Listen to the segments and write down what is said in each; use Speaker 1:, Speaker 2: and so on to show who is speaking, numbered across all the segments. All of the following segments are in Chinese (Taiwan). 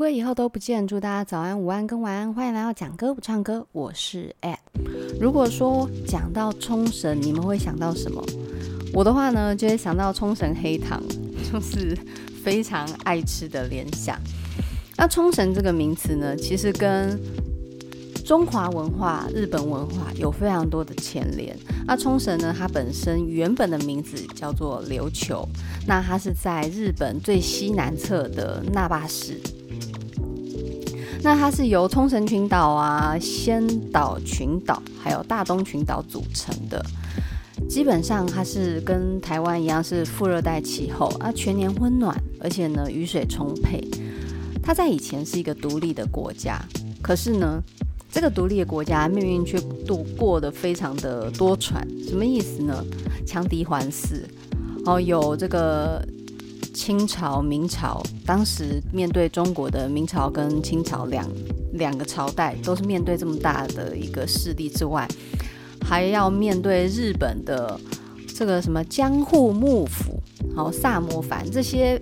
Speaker 1: 如果以後都不見，祝大家早安、午安跟晚安。歡迎來到講歌不唱歌，我是艾。如果說講到沖繩，你們會想到什麼？我的話呢，就會想到沖繩黑糖，就是非常愛吃的聯想。那沖繩這個名詞呢，其實跟中華文化、日本文化有非常多的牽連。那沖繩呢，它本身原本的名字叫做琉球，那它是在日本最西南側的那霸市。那它是由沖繩群島啊、先島群島，還有大東群島組成的。基本上它是跟台灣一樣是副熱帶氣候啊，全年溫暖，而且呢雨水充沛。它在以前是一個獨立的國家，可是呢這個獨立的國家命運卻度過得非常的多舛。什麼意思呢？強敵環伺，哦有這個。清朝、明朝，當時面對中國的明朝跟清朝兩兩個朝代，都是面對這麼大的一個勢力之外，還要面對日本的這個什麼江戶幕府，然後薩摩藩這些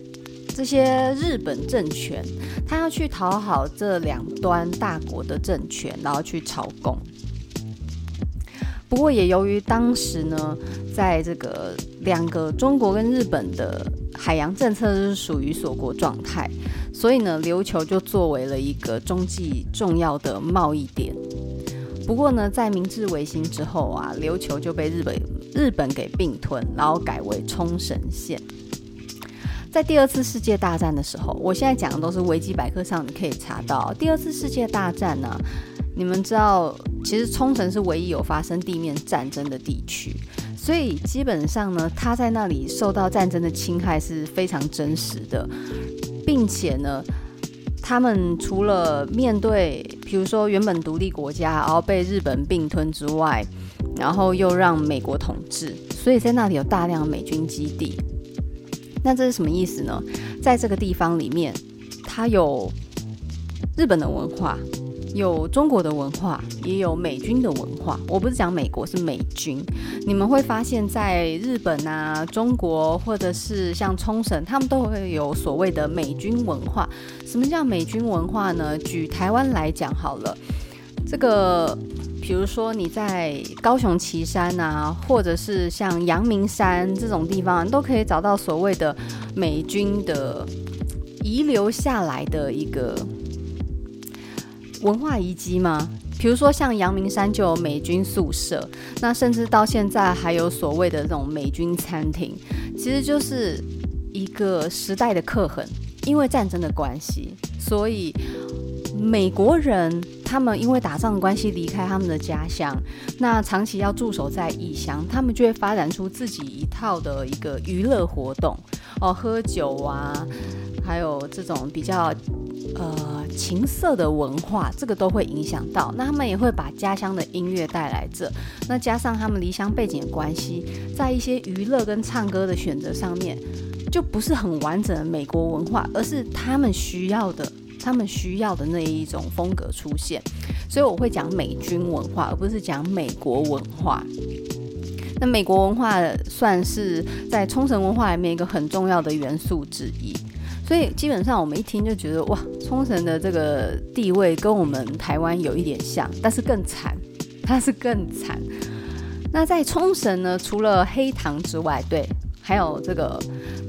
Speaker 1: 這些日本政權，他要去討好這兩端大國的政權，然後去朝貢。不過也由於當時呢，在這個兩個中國跟日本的海洋政策是屬於鎖國狀態，所以呢，琉球就作為了一個中繼重要的貿易點。不過呢，在明治維新之後啊，琉球就被日本日本給併吞，然後改為沖繩縣。在第二次世界大戰的時候，我現在講的都是維基百科上你可以查到。第二次世界大戰呢，啊？你們知道，其實沖繩是唯一有發生地面戰爭的地區，所以基本上呢，他在那裡受到戰爭的侵害是非常真實的，並且呢，他們除了面對，比如說原本獨立國家，然後被日本併吞之外，然後又讓美國統治，所以在那裡有大量美軍基地。那這是什麼意思呢？在這個地方裡面，它有日本的文化。有中國的文化，也有美軍的文化。我不是講美國，是美軍。你們會發現，在日本啊、中國或者是像沖繩，他們都會有所謂的美軍文化。什麼叫美軍文化呢？舉台灣來講好了，這個比如說你在高雄旗山啊，或者是像陽明山這種地方，你都可以找到所謂的美軍的遺留下來的一個。文化遺跡嗎？比如說像陽明山就有美軍宿舍，那甚至到現在還有所謂的這種美軍餐廳，其實就是一個時代的刻痕。因為戰爭的關係，所以美國人他們因為打仗的關係離開他們的家鄉，那長期要駐守在異鄉，他們就會發展出自己一套的一個娛樂活動，哦，喝酒啊，還有這種比較。呃，情色的文化，這個都會影響到。那他們也會把家鄉的音樂帶來這，那加上他們離鄉背景的關係，在一些娛樂跟唱歌的選擇上面，就不是很完整的美國文化，而是他們需要的，他們需要的那一種風格出現。所以我會講美軍文化，而不是講美國文化。那美國文化算是在沖繩文化裡面一個很重要的元素之一。所以基本上我們一聽就覺得，哇，沖繩的這個地位跟我們台灣有一點像，但是更慘，但是更慘。那在沖繩呢，除了黑糖之外，對，還有這個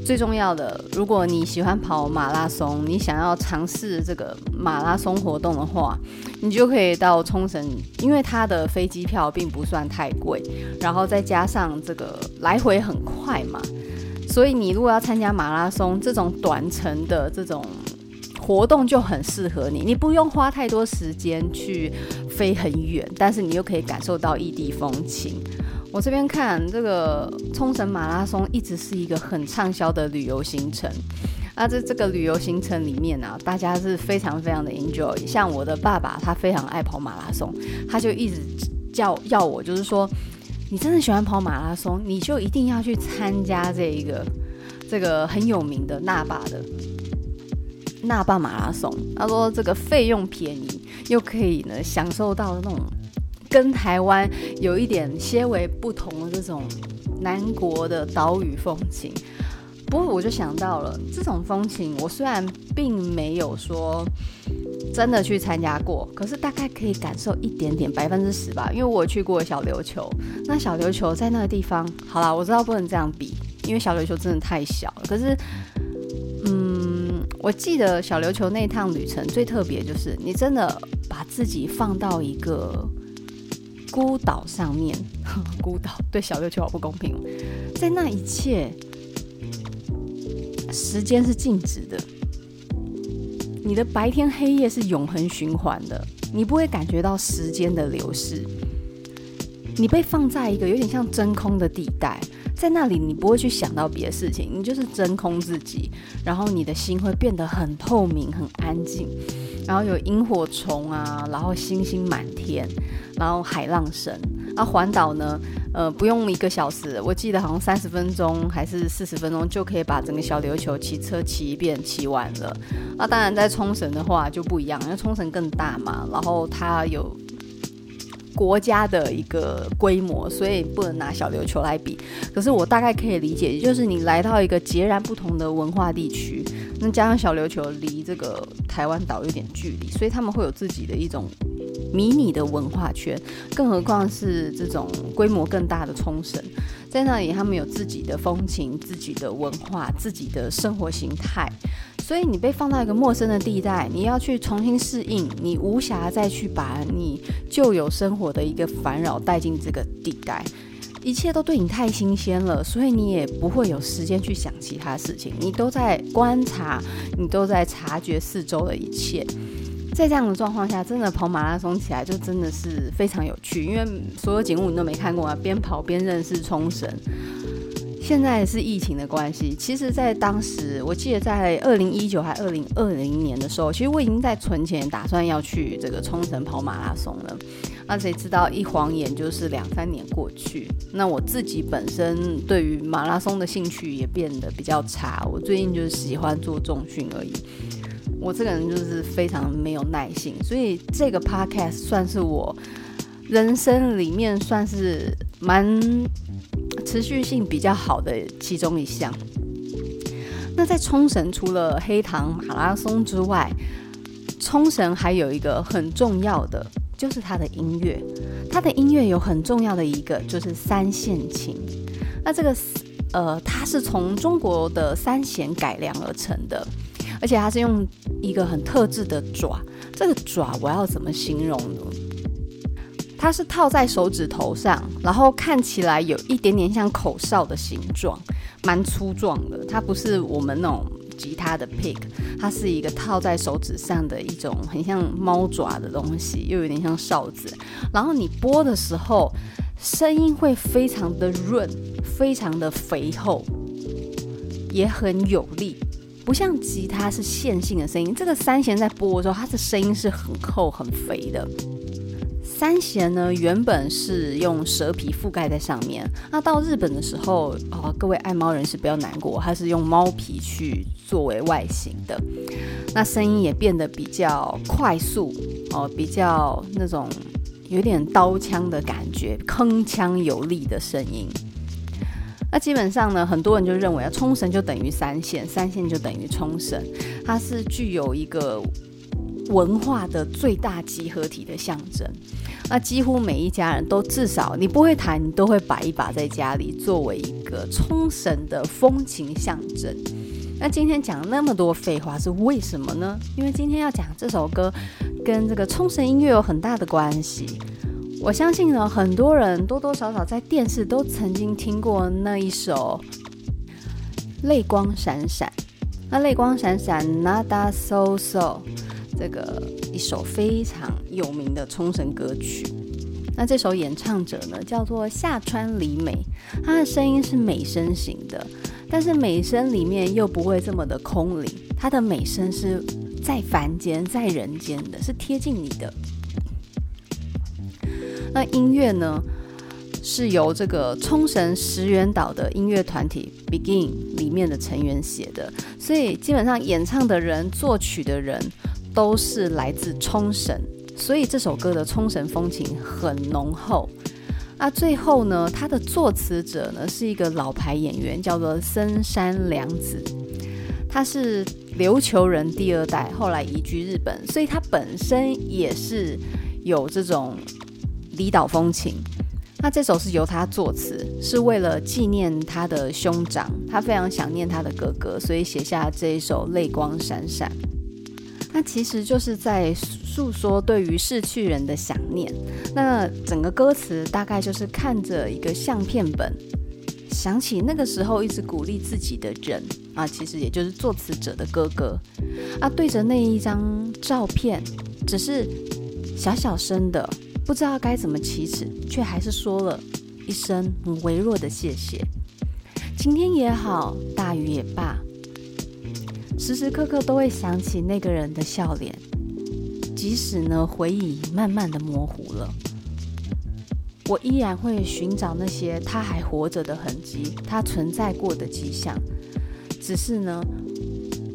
Speaker 1: 最重要的，如果你喜歡跑馬拉松，你想要嘗試這個馬拉松活動的話，你就可以到沖繩，因為它的飛機票並不算太貴，然後再加上這個來回很快嘛。所以你如果要參加馬拉松這種短程的這種活動，就很適合你，你不用花太多時間去飛很遠，但是你又可以感受到異地風情。我這邊看這個沖繩馬拉松一直是一個很暢銷的旅遊行程，那、啊、這這個旅遊行程裡面呢、啊，大家是非常非常的 enjoy。像我的爸爸，他非常愛跑馬拉松，他就一直叫要我，就是說，你真的喜歡跑馬拉松，你就一定要去參加這一個，這個很有名的那霸的那霸馬拉松。他說這個費用便宜，又可以呢享受到那種跟台灣有一點些微不同的這種南國的島嶼風情。不過我就想到了這種風情，我雖然並沒有說真的去參加過，可是大概可以感受一點點百分之十吧，因為我去過小琉球。那小琉球在那個地方，好啦，我知道不能這樣比，因為小琉球真的太小了。可是，嗯，我記得小琉球那趟旅程最特別就是，你真的把自己放到一個孤島上面。呵呵，孤島對小琉球好不公平，在那一切。時間是靜止的，你的白天黑夜是永恆循環的，你不會感覺到時間的流逝。你被放在一個有點像真空的地帶，在那裡你不會去想到別的事情，你就是真空自己，然後你的心會變得很透明、很安靜，然後有螢火蟲啊，然後星星滿天，然後海浪聲。那、啊、環島呢？呃，不用一個小時，我記得好像三十分鐘還是四十分鐘就可以把整個小琉球騎車騎一遍，騎完了。那、啊、當然在沖繩的話就不一樣，因為沖繩更大嘛，然後它有國家的一個規模，所以不能拿小琉球來比。可是我大概可以理解，就是你來到一個截然不同的文化地區，那加上小琉球離這個台灣島有點距離，所以他們會有自己的一種。迷你的文化圈，更何況是這種規模更大的沖繩，在那裡他們有自己的風情、自己的文化、自己的生活形態。所以你被放到一個陌生的地帶，你要去重新適應，你無暇再去把你舊有生活的一個煩擾帶進這個地帶。一切都對你太新鮮了，所以你也不會有時間去想其他事情，你都在觀察，你都在察覺四周的一切。在這樣的狀況下，真的跑馬拉松起來就真的是非常有趣，因為所有景物你都沒看過啊，邊跑邊認識沖繩。現在是疫情的關係，其實，在當時我記得在二零一九還二零二零年的時候，其實我已經在存錢，打算要去這個沖繩跑馬拉松了。那、啊、誰知道一晃眼就是兩三年過去，那我自己本身對於馬拉松的興趣也變得比較差，我最近就是喜歡做重訓而已。我這個人就是非常沒有耐心，所以這個 podcast 算是我人生裡面算是蠻持續性比較好的其中一項。那在沖繩，除了黑糖馬拉松之外，沖繩還有一個很重要的就是它的音樂，它的音樂有很重要的一個就是三線琴。那這個呃，它是從中國的三弦改良而成的。而且它是用一個很特制的爪，這個爪我要怎麼形容呢？它是套在手指頭上，然後看起來有一點點像口哨的形狀，蠻粗壯的。它不是我們那種吉他的 pick，它是一個套在手指上的一種很像貓爪的東西，又有點像哨子。然後你撥的時候，聲音會非常的潤，非常的肥厚，也很有力。不像吉他是線性的聲音，這個三絃在撥的時候，它的聲音是很厚很肥的。三絃呢，原本是用蛇皮覆蓋在上面，那到日本的時候，哦，各位愛貓人士不要難過，它是用貓皮去作為外形的，那聲音也變得比較快速，哦，比較那種有點刀槍的感覺，鏗鏘有力的聲音。那基本上呢，很多人就認為啊，沖繩就等於三線，三線就等於沖繩，它是具有一個文化的最大集合體的象徵。那幾乎每一家人都至少，你不會彈，你都會擺一把在家裡，作為一個沖繩的風情象徵。那今天講那麼多廢話是為什麼呢？因為今天要講這首歌跟這個沖繩音樂有很大的關係。我相信呢，很多人多多少少在電視都曾經聽過那一首《淚光閃閃》。那《淚光閃閃》Nada So So，這個一首非常有名的沖繩歌曲。那這首演唱者呢，叫做夏川里美。她的聲音是美聲型的，但是美聲裡面又不會這麼的空靈。她的美聲是在凡間，在人間的，是貼近你的。那音樂呢，是由這個沖繩石垣島的音樂團體 Begin 裡面的成員寫的，所以基本上演唱的人、作曲的人都是來自沖繩，所以這首歌的沖繩風情很濃厚。那最後呢，他的作詞者呢是一個老牌演員，叫做森山良子，他是琉球人第二代，後來移居日本，所以他本身也是有這種。離島風情，那這首是由他作詞，是為了紀念他的兄長，他非常想念他的哥哥，所以寫下這一首淚光閃閃。那其實就是在訴說對於逝去人的想念。那整個歌詞大概就是看着一個相片本，想起那個時候一直鼓勵自己的人啊，其實也就是作詞者的哥哥啊，對着那一張照片，只是小小聲的。不知道該怎麼啟齒，卻還是說了一聲很微弱的謝謝。晴天也好，大雨也罷，時時刻刻都會想起那個人的笑臉。即使呢，回憶慢慢的模糊了，我依然會尋找那些他還活着的痕跡，他存在過的跡象。只是呢，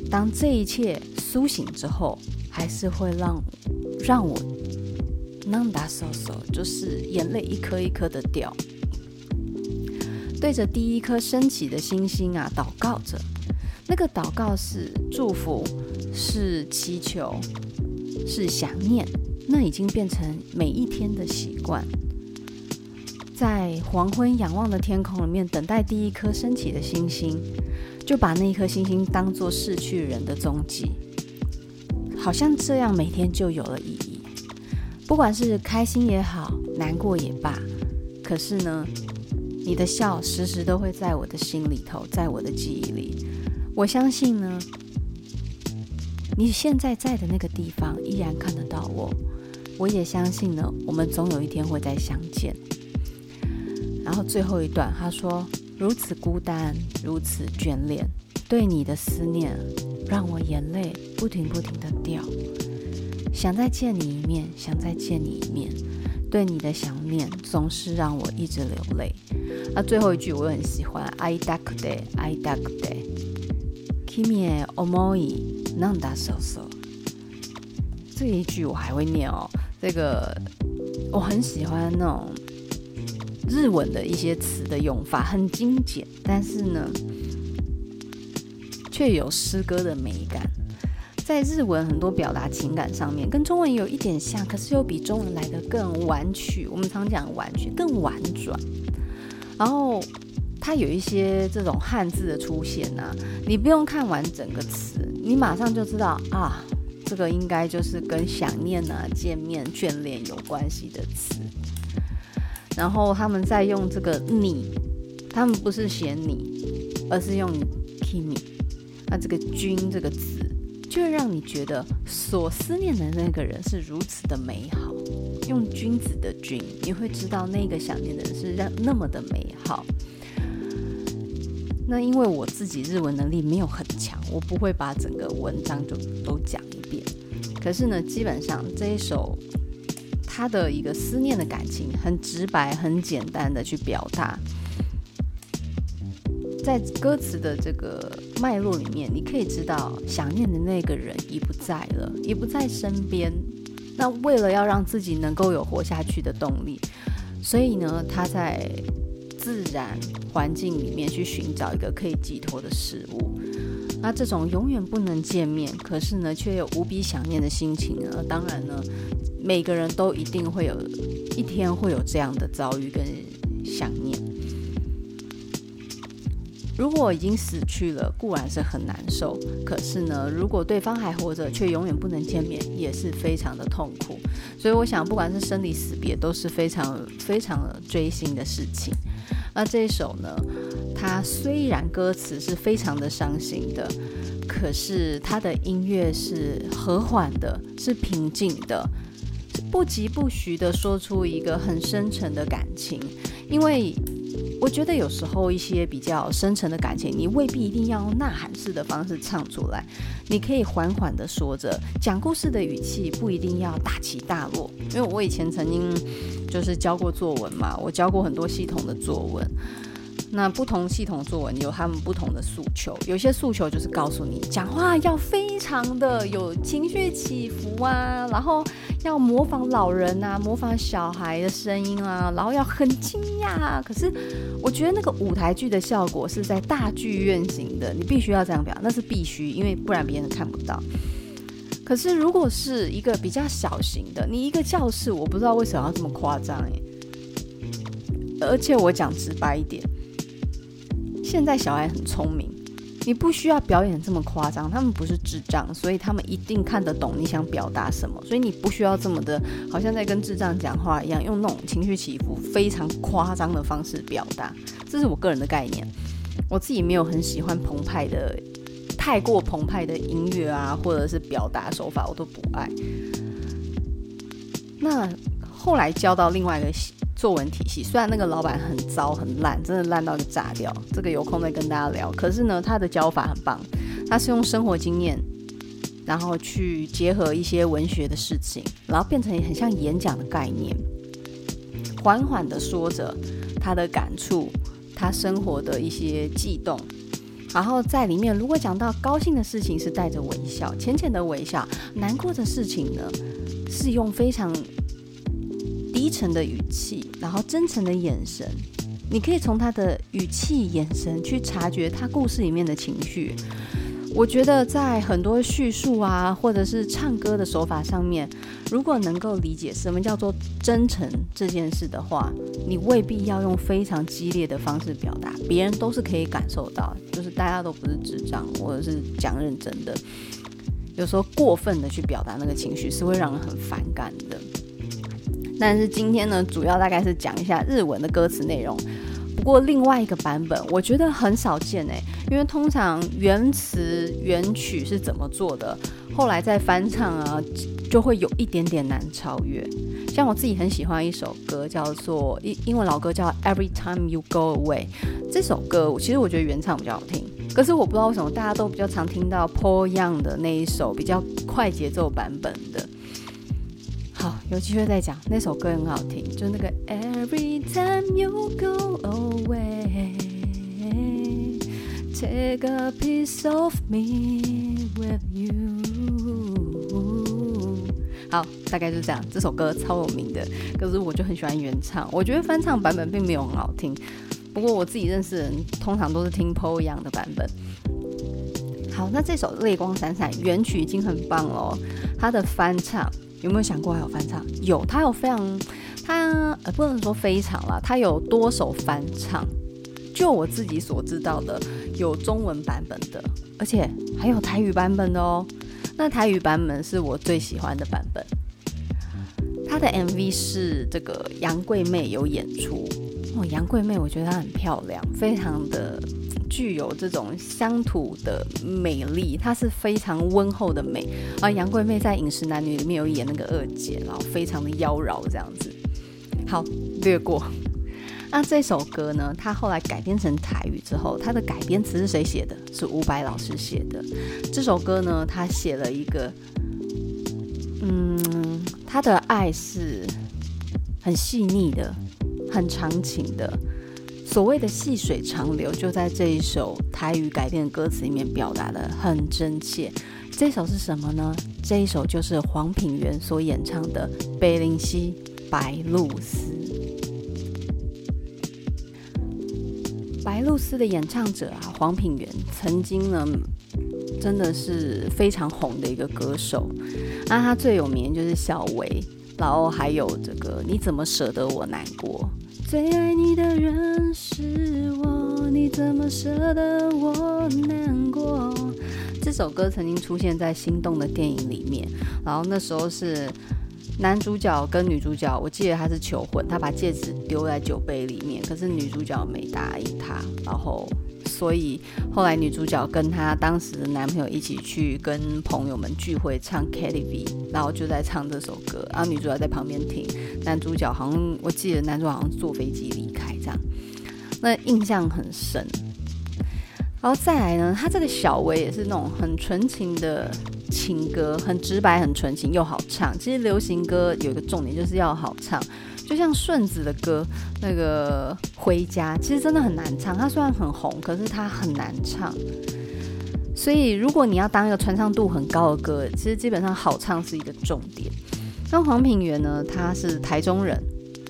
Speaker 1: 當這一切甦醒之後，還是會讓，讓我。Nada so so 就是眼淚一顆一顆的掉，對着第一顆升起的星星啊禱告着，那個禱告是祝福，是祈求，是想念，那已經變成每一天的習慣，在黃昏仰望的天空裡面等待第一顆升起的星星，就把那一顆星星當做逝去人的蹤跡，好像這樣每天就有了意義。不管是開心也好，難過也罷，可是呢，你的笑時時都會在我的心裡頭，在我的記憶裡。我相信呢，你現在在的那個地方依然看得到我，我也相信呢，我們總有一天會再相見。然後最後一段，他說：“如此孤單，如此眷戀，對你的思念，讓我眼淚不停不停的掉。”想再見你一面，想再見你一面，對你的想念總是讓我一直流淚。那、啊、最後一句我很喜歡，會いたくて、會いたくて，キミへの想い、涙そうそう。這一句我還會念哦。這個我很喜歡那種日文的一些詞的用法，很精簡，但是呢，卻有詩歌的美感。在日文很多表達情感上面跟中文有一點像，可是又比中文來得更婉曲。我們常講婉曲，更婉轉。然後它有一些這種漢字的出現啊，你不用看完整個詞，你馬上就知道啊，這個應該就是跟想念啊、見面、眷戀有關係的詞。然後他們在用這個你，他們不是寫你，而是用 kimi。那、啊、這個君這個詞就讓你覺得所思念的那個人是如此的美好，用君子的君，你會知道那個想念的人是讓那麼的美好。那因為我自己日文能力沒有很強，我不會把整個文章就都講一遍。可是呢，基本上這一首，他的一個思念的感情很直白、很簡單的去表達。在歌詞的這個脈絡裡面，你可以知道，想念的那個人已不在了，也不在身邊。那為了要讓自己能夠有活下去的動力，所以呢，他在自然環境裡面去尋找一個可以寄托的事物。那這種永遠不能見面，可是呢，卻又無比想念的心情呢，當然呢，每個人都一定會有一天會有這樣的遭遇跟想念。如果已經死去了，固然是很難受；可是呢，如果對方還活着，卻永遠不能見面，也是非常的痛苦。所以，我想，不管是生離死別，都是非常非常錐心的事情。那這一首呢，它雖然歌詞是非常的傷心的，可是它的音樂是和緩的，是平靜的，不疾不徐的說出一個很深沉的感情，因為。我覺得有時候一些比較深沉的感情，你未必一定要用吶喊式的方式唱出來，你可以緩緩地說着，講故事的語氣不一定要大起大落。因為我以前曾經就是教過作文嘛，我教過很多系統的作文。那不同系統作文有他們不同的訴求，有些訴求就是告訴你講話要非常的有情緒起伏啊，然後要模仿老人啊，模仿小孩的聲音啊，然後要很驚訝啊。可是我覺得那個舞台劇的效果是在大劇院型的，你必須要這樣表，那是必須，因為不然別人看不到。可是如果是一個比較小型的，你一個教室，我不知道為什麼要這麼誇張欸。而且我講直白一點。現在小孩很聰明，你不需要表演這麼誇張。他們不是智障，所以他們一定看得懂你想表達什麼。所以你不需要這麼的，好像在跟智障講話一樣，用那種情緒起伏非常誇張的方式表達。這是我個人的概念，我自己沒有很喜歡澎湃的，太過澎湃的音樂啊，或者是表達手法，我都不愛。那後來教到另外一個。作文體系雖然那個老闆很糟很爛，真的爛到就炸掉。這個有空再跟大家聊。可是呢，他的教法很棒，他是用生活經驗，然後去結合一些文學的事情，然後變成很像演講的概念，緩緩地說着他的感觸，他生活的一些悸動。然後在裡面，如果講到高興的事情，是帶着微笑，淺淺的微笑；難過的事情呢，是用非常。真誠的語氣，然後真誠的眼神，你可以從他的語氣、眼神去察覺他故事裡面的情緒。我覺得在很多敘述啊，或者是唱歌的手法上面，如果能夠理解什麼叫做真誠這件事的話，你未必要用非常激烈的方式表達，別人都是可以感受到。就是大家都不是智障，或者是講認真的，有時候過分的去表達那個情緒是會讓人很反感的。但是今天呢，主要大概是講一下日文的歌詞內容。不過另外一個版本，我覺得很少見欸，因為通常原詞原曲是怎麼做的，後來再翻唱啊，就會有一點點難超越。像我自己很喜歡一首歌，叫做英英文老歌叫《Every Time You Go Away》，這首歌我，其實我覺得原唱比較好聽，可是我不知道為什麼大家都比較常聽到 Paul Young 的那一首比較快節奏版本的。好，有機會再講，那首歌很好聽，
Speaker 2: 就是那個 Every time you go away, take a piece of me with you。
Speaker 1: 好，大概就是這樣，這首歌超有名的，可是我就很喜歡原唱，我覺得翻唱版本並沒有很好聽，不過我自己認識的人通常都是聽 Paul Young 的版本。好，那這首淚光閃閃原曲已經很棒了，它的翻唱。有沒有想過還有翻唱？有，他有非常，他呃不能說非常啦，他有多首翻唱。就我自己所知道的，有中文版本的，而且還有台語版本的哦。那台語版本是我最喜歡的版本。他的 MV 是這個楊貴媚有演出哦，楊貴媚我覺得她很漂亮，非常的。具有這種鄉土的美麗，它是非常溫厚的美。而、啊、楊貴媚在《飲食男女》裡面有一演那個二姐，然後非常的妖嬈這樣子。好，略過。那這首歌呢，它後來改編成台語之後，它的改編詞是誰寫的？是伍佰老師寫的。這首歌呢，他寫了一個，嗯，他的愛是很細膩的，很長情的。所謂的細水長流，就在這一首台語改編的歌詞裡面表達的很真切。這一首是什麼呢？這一首就是黃品源所演唱的《北林溪白鷺鷥》。白鷺鷥的演唱者啊，黃品源曾經呢，真的是非常紅的一個歌手。那他最有名就是小薇。然後還有這個，你怎麼捨得我難過？
Speaker 2: 最愛你的人是我，你怎麼
Speaker 1: 捨得我難過？這首歌曾經出現在《心動》的電影裡面，然後那時候是男主角跟女主角，我記得他是求婚，他把戒指丟在酒杯裡面，可是女主角沒答應他，然後。所以後來女主角跟她當時的男朋友一起去跟朋友們聚會唱 KTV，然後就在唱這首歌，然後女主角在旁邊聽，男主角好像我記得男主角好像坐飛機離開這樣，那印象很深。然後再來呢，他這個小薇也是那種很純情的情歌，很直白，很純情又好唱。其實流行歌有一個重點就是要好唱。就像順子的歌那個《回家》，其實真的很難唱。他雖然很紅，可是他很難唱。所以，如果你要當一個傳唱度很高的歌，其實基本上好唱是一個重點。像黃品源呢，他是台中人，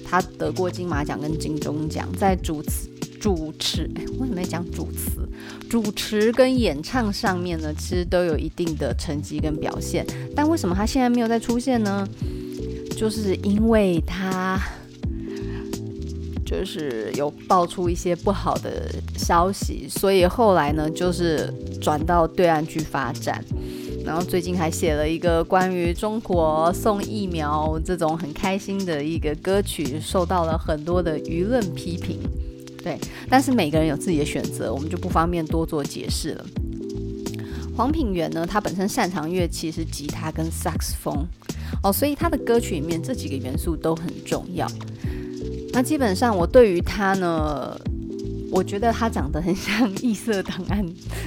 Speaker 1: 他得過金馬獎跟金鐘獎，在主持主持，欸、為什麼要講主持，主持跟演唱上面呢，其實都有一定的成績跟表現。但為什麼他現在沒有再出現呢？就是因為他，就是有爆出一些不好的消息，所以後來呢，就是轉到對岸去發展。然後最近還寫了一個關於中國送疫苗這種很開心的一個歌曲，受到了很多的輿論批評。對，但是每個人有自己的選擇，我們就不方便多做解釋了。黃品源呢，他本身擅長樂器是吉他跟薩克斯風。哦，所以他的歌曲裡面這幾個元素都很重要。那基本上我對於他呢，我覺得他長得很像《異色檔案》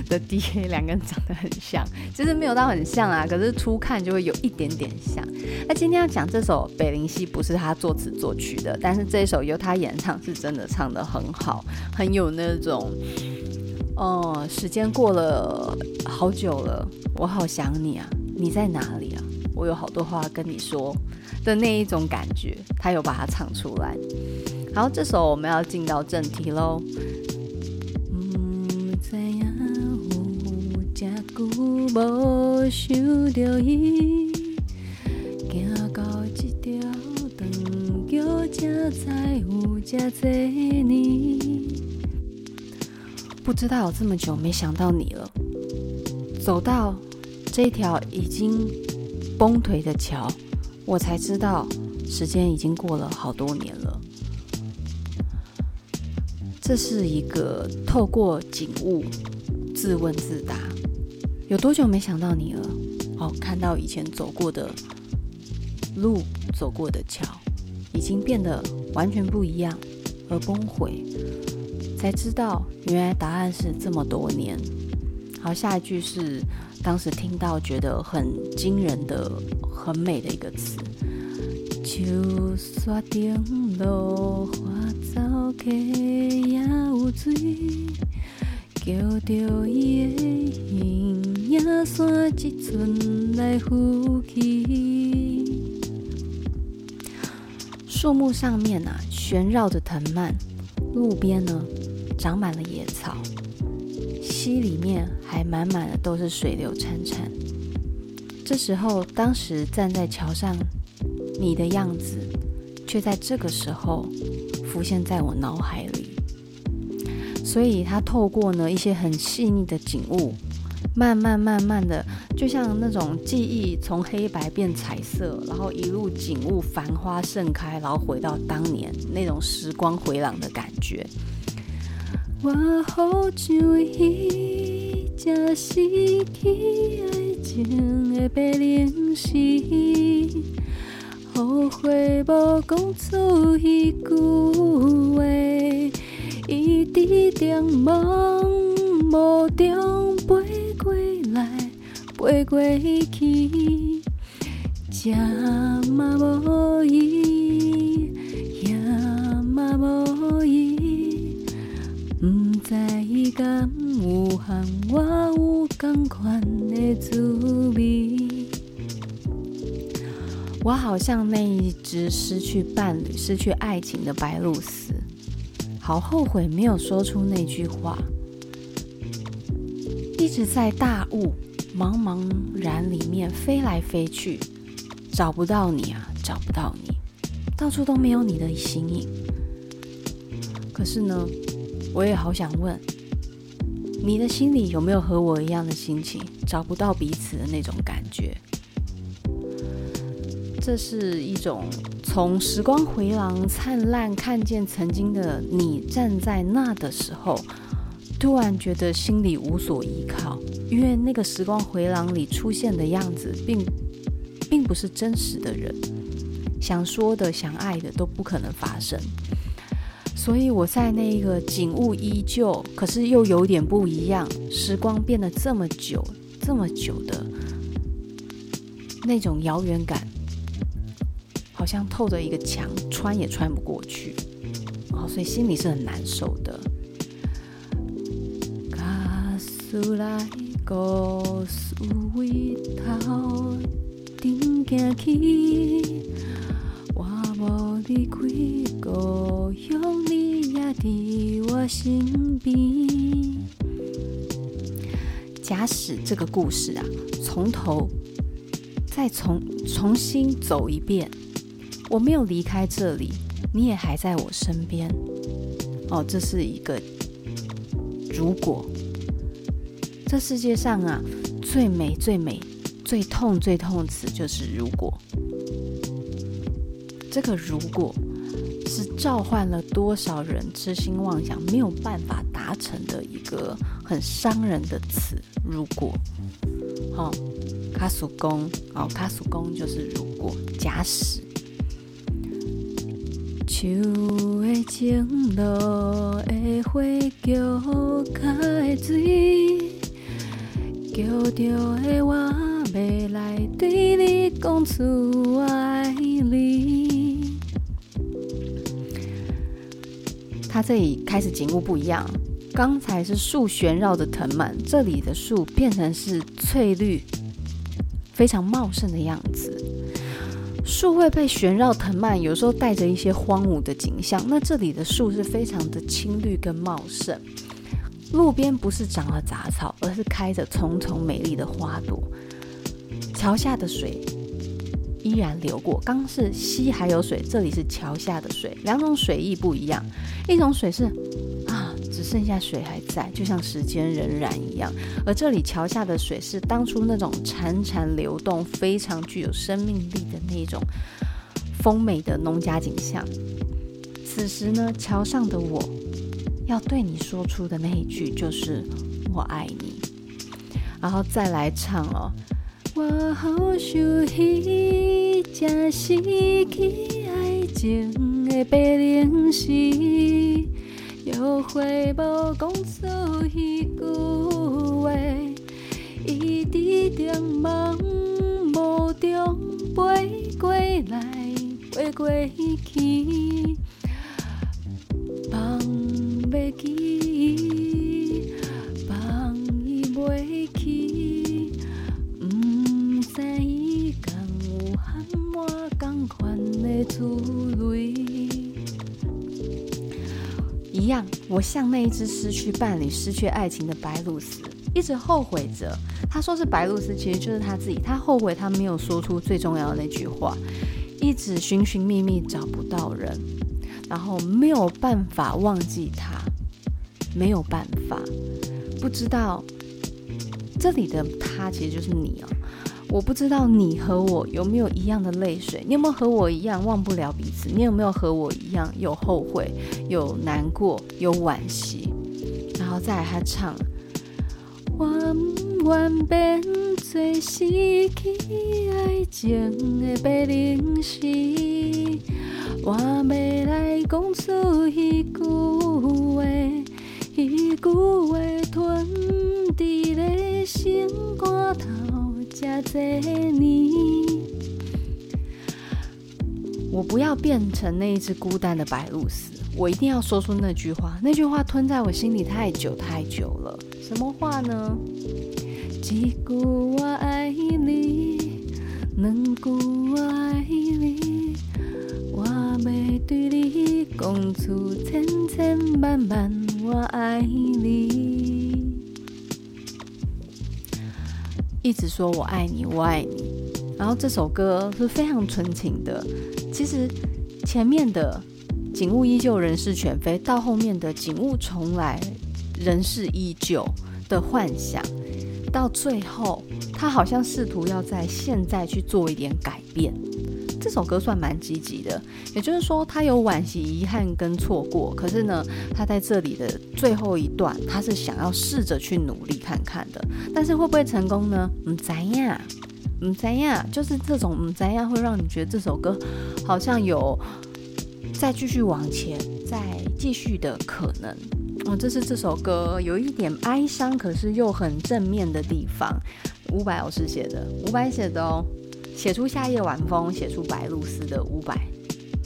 Speaker 1: 的 DK，兩個人長得很像，其實沒有到很像啊，可是初看就會有一點點像。那今天要講這首《白鷺鷥》，不是他作詞作曲的，但是這一首由他演唱是真的唱得很好，很有那種……哦、呃，時間過了好久了，我好想你啊，你在哪裡啊？我有好多話跟你說的那一種感覺，他有把它唱出來。好，這首我們要進到正題
Speaker 2: 嘍。嗯。不知道有這
Speaker 1: 麼久沒想到你了，走到這條已經。崩頹的橋，我才知道時間已經過了好多年了。這是一個透過景物自問自答：有多久沒想到你了？哦，看到以前走過的路、走過的橋，已經變得完全不一樣而崩毀，才知道原來答案是這麼多年。好，下一句是。當時聽到覺得很驚
Speaker 2: 人的、很美的一個詞。樹木上
Speaker 1: 面啊，懸繞着藤蔓；路邊呢，長滿了野草。溪裡面還滿滿的都是水流潺潺。這時候，當時站在橋上，你的樣子，卻在這個時候浮現在我腦海裡。所以，它透過呢一些很細膩的景物，慢慢慢慢的，就像那種記憶從黑白變彩色，然後一路景物繁花盛開，然後回到當年那種時光回廊的感覺。
Speaker 2: 我好像伊，正失去愛情的白鷺鷥，後悔無講出那句話，一直在夢無中飛過來，飛過去，正嘛無依。在一個無限，我有同款的滋味。
Speaker 1: 我好像那一隻失去伴侶、失去愛情的白鷺鷥，好後悔沒有說出那句話。一直在大霧茫茫然裡面飛來飛去，找不到你啊，找不到你，到處都沒有你的形影。可是呢？我也好想問，你的心裡有沒有和我一樣的心情，找不到彼此的那種感覺？這是一種從時光回廊燦爛看見曾經的你站在那的時候，突然覺得心裡無所依靠，因為那個時光回廊裡出現的樣子並，並並不是真實的人，想說的、想愛的都不可能發生。所以我在那個景物依舊，可是又有點不一樣。時光變得這麼久，這麼久的，那種遙遠感，好像透着一個牆，穿也穿不過去。哦，所以心裡是很難受的。
Speaker 2: 心病，
Speaker 1: 假使這個故事啊，從頭再重重新走一遍，我沒有離開這裡，你也還在我身邊。哦，這是一個如果。這世界上啊，最美最美、最痛最痛的詞就是如果。這個如果。召喚了多少人痴心妄想，沒有辦法達成的一個很傷人的詞。如果哦，卡叔公哦，卡叔公就是如果，假使
Speaker 2: 秋的晴落的會叫開嘴，丟掉的話，未來對你講出，啊。
Speaker 1: 它這裡開始景物不一樣，剛才是樹旋繞著藤蔓，這裡的樹變成是翠綠，非常茂盛的樣子。樹會被旋繞藤蔓，有時候帶着一些荒蕪的景象。那這裡的樹是非常的青綠跟茂盛，路邊不是長了雜草，而是開着叢叢美麗的花朵。橋下的水。依然流過，剛是溪還有水，這裡是橋下的水，兩種水意不一樣。一種水是啊，只剩下水還在，就像時間仍然一樣；而這裡橋下的水是當初那種潺潺流動、非常具有生命力的那種豐美的農家景象。此時呢，橋上的我要對你說出的那一句就是“我愛你”，然後再來唱哦。
Speaker 2: 我好想伊，正是去愛情的白鷺鷥，後悔無講出那句話，伊在茫茫霧中飛過來，飛過去。
Speaker 1: 我像那一隻失去伴侶、失去愛情的白鷺鷥，一直後悔着。他說是白鷺鷥，其實就是他自己。他後悔他沒有說出最重要的那句話，一直尋尋覓覓找不到人，然後沒有辦法忘記他，沒有辦法，不知道這裡的他其實就是你哦。我不知道你和我有沒有一樣的淚水，你有沒有和我一樣忘不了彼此？你有沒有和我一樣有後悔、有難過、有惋惜？然後再來他唱，
Speaker 2: 我唔願變做失去愛情的白鷺鷥，我咪來講出一句話，一句話，一句話吞佇嘞心我不要變成那一隻孤單的
Speaker 1: 白鷺鷥，我一定要說出那句話，那句話吞在我心裡太久太久了。
Speaker 2: 什麼話呢？一句我愛你，兩句我愛你，我欲對你講出千千萬萬我愛你。
Speaker 1: 一直說“我愛你，我愛你”，然後這首歌是非常純情的。其實前面的景物依舊，人事全非；到後面的景物重來，人事依舊的幻想，到最後，他好像試圖要在現在去做一點改變。這首歌算蠻積極的，也就是說，他有惋惜、遺憾跟錯過，可是呢，他在這裡的最後一段，他是想要試着去努力看看的，但是會不會成功呢？唔怎樣？唔怎樣？就是這種唔怎樣會讓你覺得這首歌好像有再繼續往前、再繼續的可能。哦、嗯，這是這首歌有一點哀傷，可是又很正面的地方。伍佰老師寫的，伍佰寫的哦。寫出夏夜晚風，寫出白鷺鷥的伍佰。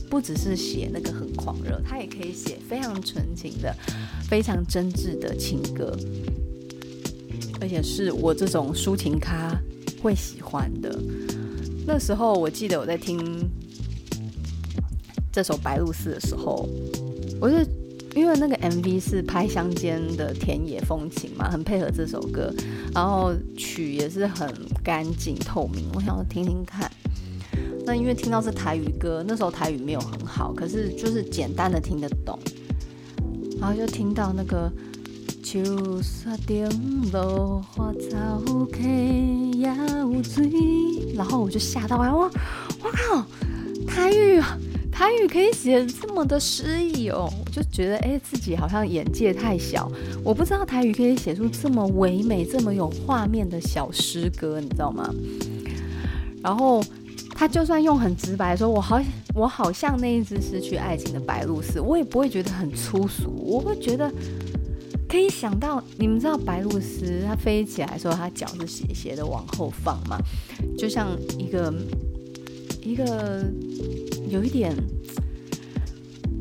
Speaker 1: 不只是寫那個很狂熱，他也可以寫非常純情的、非常真摯的情歌，而且是我這種抒情咖會喜歡的。那時候我記得我在聽這首《白鷺鷥》的時候，我是因為那個 MV 是拍鄉間的田野風情嘛，很配合這首歌。然後曲也是很乾淨透明，我想要聽聽看。那因為聽到是台語歌，那時候台語沒有很好，可是就是簡單的聽得懂。
Speaker 2: 然後就聽到那個，然後我就嚇到，哎，哇，我靠，台語啊。台語可以寫這麼的
Speaker 1: 詩意哦，我就覺得哎、欸，自己好像眼界太小，我不知道台語可以寫出這麼唯美，這麼有畫面的小詩歌，你知道嗎？然後他就算用很直白說，我好，我好像那一只失去愛情的白鷺鷥，我也不會覺得很粗俗，我會覺得可以想到，你們知道白鷺鷥它飛起來的時候，它腳是斜斜的往後放嘛，就像一個。一個有一點，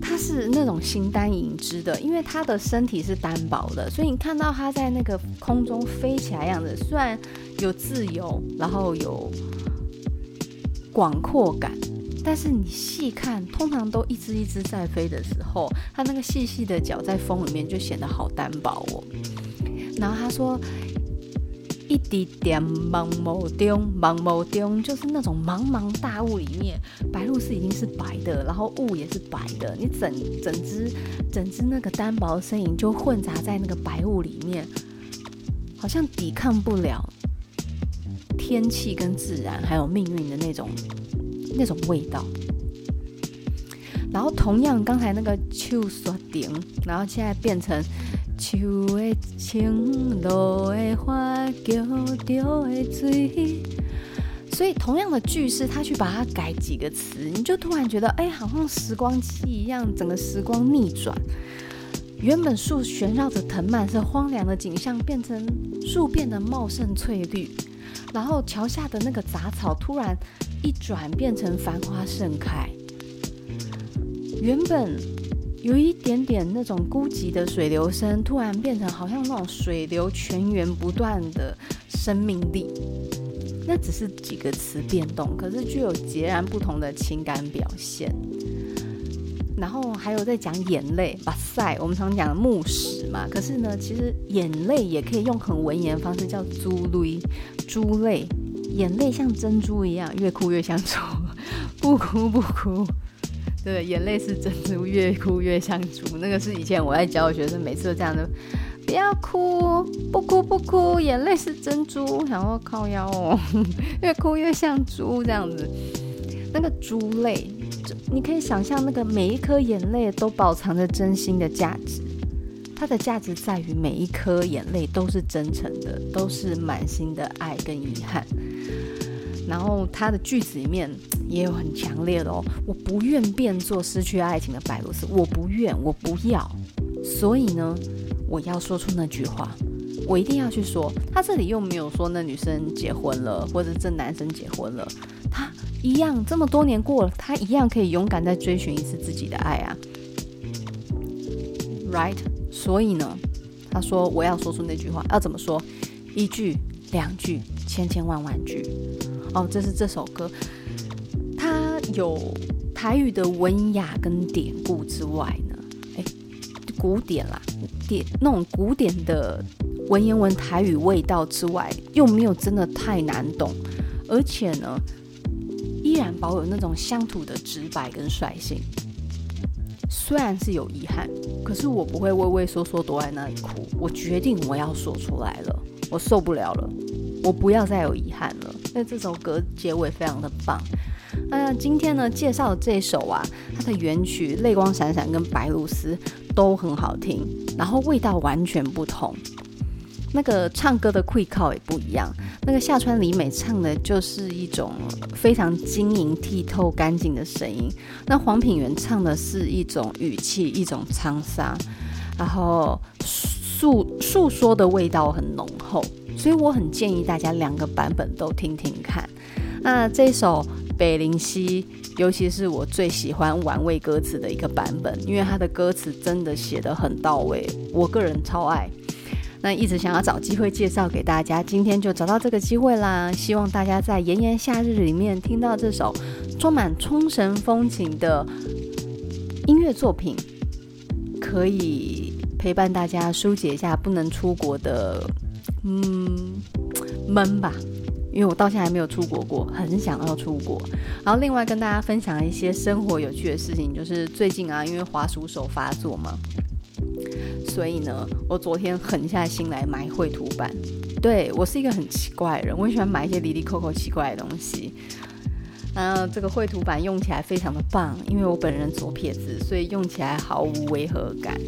Speaker 1: 他是那種形單影隻的，因為他的身體是單薄的，所以你看到他在那個空中飛起來的樣子，雖然有自由，然後有廣闊感，但是你細看，通常都一隻一隻在飛的時候，他那個細細的腳在風裡面就顯得好單薄哦。然後他說。一滴，點茫霧中，茫霧中就是那種茫茫大霧裡面，白鷺鷥已經是白的，然後霧也是白的，你整整只整只那個單薄的身影就混雜在那個白霧裡面，好像抵抗不了天氣跟自然還有命運的那種那種味道。然後同樣剛才那個秋霜頂，然後現在變成。樹的青，路的花，橋上的水。所以，同樣的句式，他去把它改幾個詞，你就突然覺得，哎，好像時光機一樣，整個時光逆轉。原本樹環繞着藤蔓是荒涼的景象，變成樹變得茂盛翠綠，然後橋下的那個雜草突然一轉變成繁花盛開。原本。有一點點那種孤寂的水流聲，突然變成好像那種水流源源不斷的生命力。那只是幾個詞變動，可是具有截然不同的情感表現。然後還有在講眼淚，把塞我們常講的目屎嘛，可是呢，其實眼淚也可以用很文言的方式叫珠淚，珠淚，眼淚像珍珠一樣，越哭越像抽，不哭不哭。對，眼淚是珍珠，越哭越像豬。那個是以前我在教學生，每次都這樣子，不要哭，不哭不哭，眼淚是珍珠，然後靠腰哦，越哭越像豬這樣子。那個豬淚，你可以想象，那個每一顆眼淚都飽藏着真心的價值。它的價值在於每一顆眼淚都是真誠的，都是滿心的愛跟遺憾。然後它的句子裡面。也有很強烈的哦！我不願變做失去愛情的白鷺鷥，我不願，我不要。所以呢，我要說出那句話，我一定要去說。他這裡又沒有說那女生結婚了，或者這男生結婚了，他一樣這麼多年過了，他一樣可以勇敢再追尋一次自己的愛啊，right？所以呢，他說我要說出那句話，要怎麼說？一句、兩句、千千萬萬句。哦，這是這首歌。有台語的文雅跟典故之外呢，哎，古典啦，典那種古典的文言文台語味道之外，又沒有真的太難懂，而且呢，依然保有那種鄉土的直白跟率性。雖然是有遺憾，可是我不會畏畏縮縮躲在那裡哭，我決定我要說出來了，我受不了了，我不要再有遺憾了。那這首歌結尾非常的棒。那、嗯、今天呢，介紹的這首啊，它的原曲《淚光閃閃》跟《白鷺鷥》都很好聽，然後味道完全不同。那個唱歌的 q u i c k 也不一樣，那個夏川里美唱的就是一種非常晶瑩剔透、乾淨的聲音，那黃品源唱的是一種語氣、一種滄桑，然後訴訴說的味道很濃厚，所以我很建議大家兩個版本都聽聽看。那這一首。白鷺鷥，尤其是我最喜歡玩味歌詞的一個版本，因為他的歌詞真的寫得很到位，我個人超愛。那一直想要找機會介紹給大家，今天就找到這個機會啦！希望大家在炎炎夏日裡面聽到這首充滿沖繩風情的音樂作品，可以陪伴大家疏解一下不能出國的嗯悶吧。因為我到現在還沒有出國過，很想要出國。然後另外跟大家分享一些生活有趣的事情，就是最近啊，因為滑鼠手發作嘛，所以呢，我昨天狠下心來買繪圖板。對，我是一個很奇怪的人，我很喜歡買一些離離扣扣奇怪的東西。那這個繪圖板用起來非常的棒，因為我本人左撇子，所以用起來毫無違和感。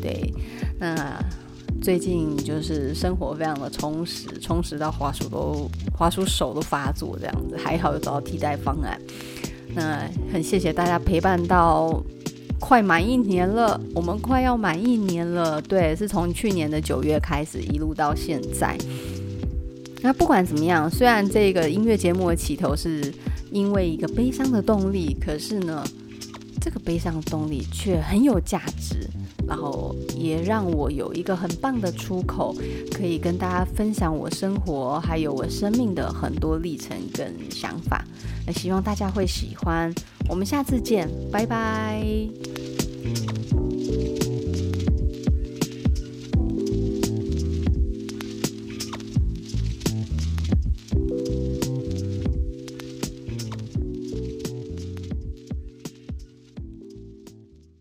Speaker 1: 對，那。最近就是生活非常的充實，充實到滑鼠都滑鼠手都發作這樣子，還好有找到替代方案。那、嗯、很謝謝大家陪伴到快滿一年了，我們快要滿一年了。對，是從去年的九月開始一路到現在。那不管怎麼樣，雖然這個音樂節目的起頭是因為一個悲傷的動力，可是呢，這個悲傷的動力卻很有價值。然後也讓我有一個很棒的出口，可以跟大家分享我生活，還有我生命的很多歷程跟想法。那希望大家會喜歡，我們下次見，拜拜。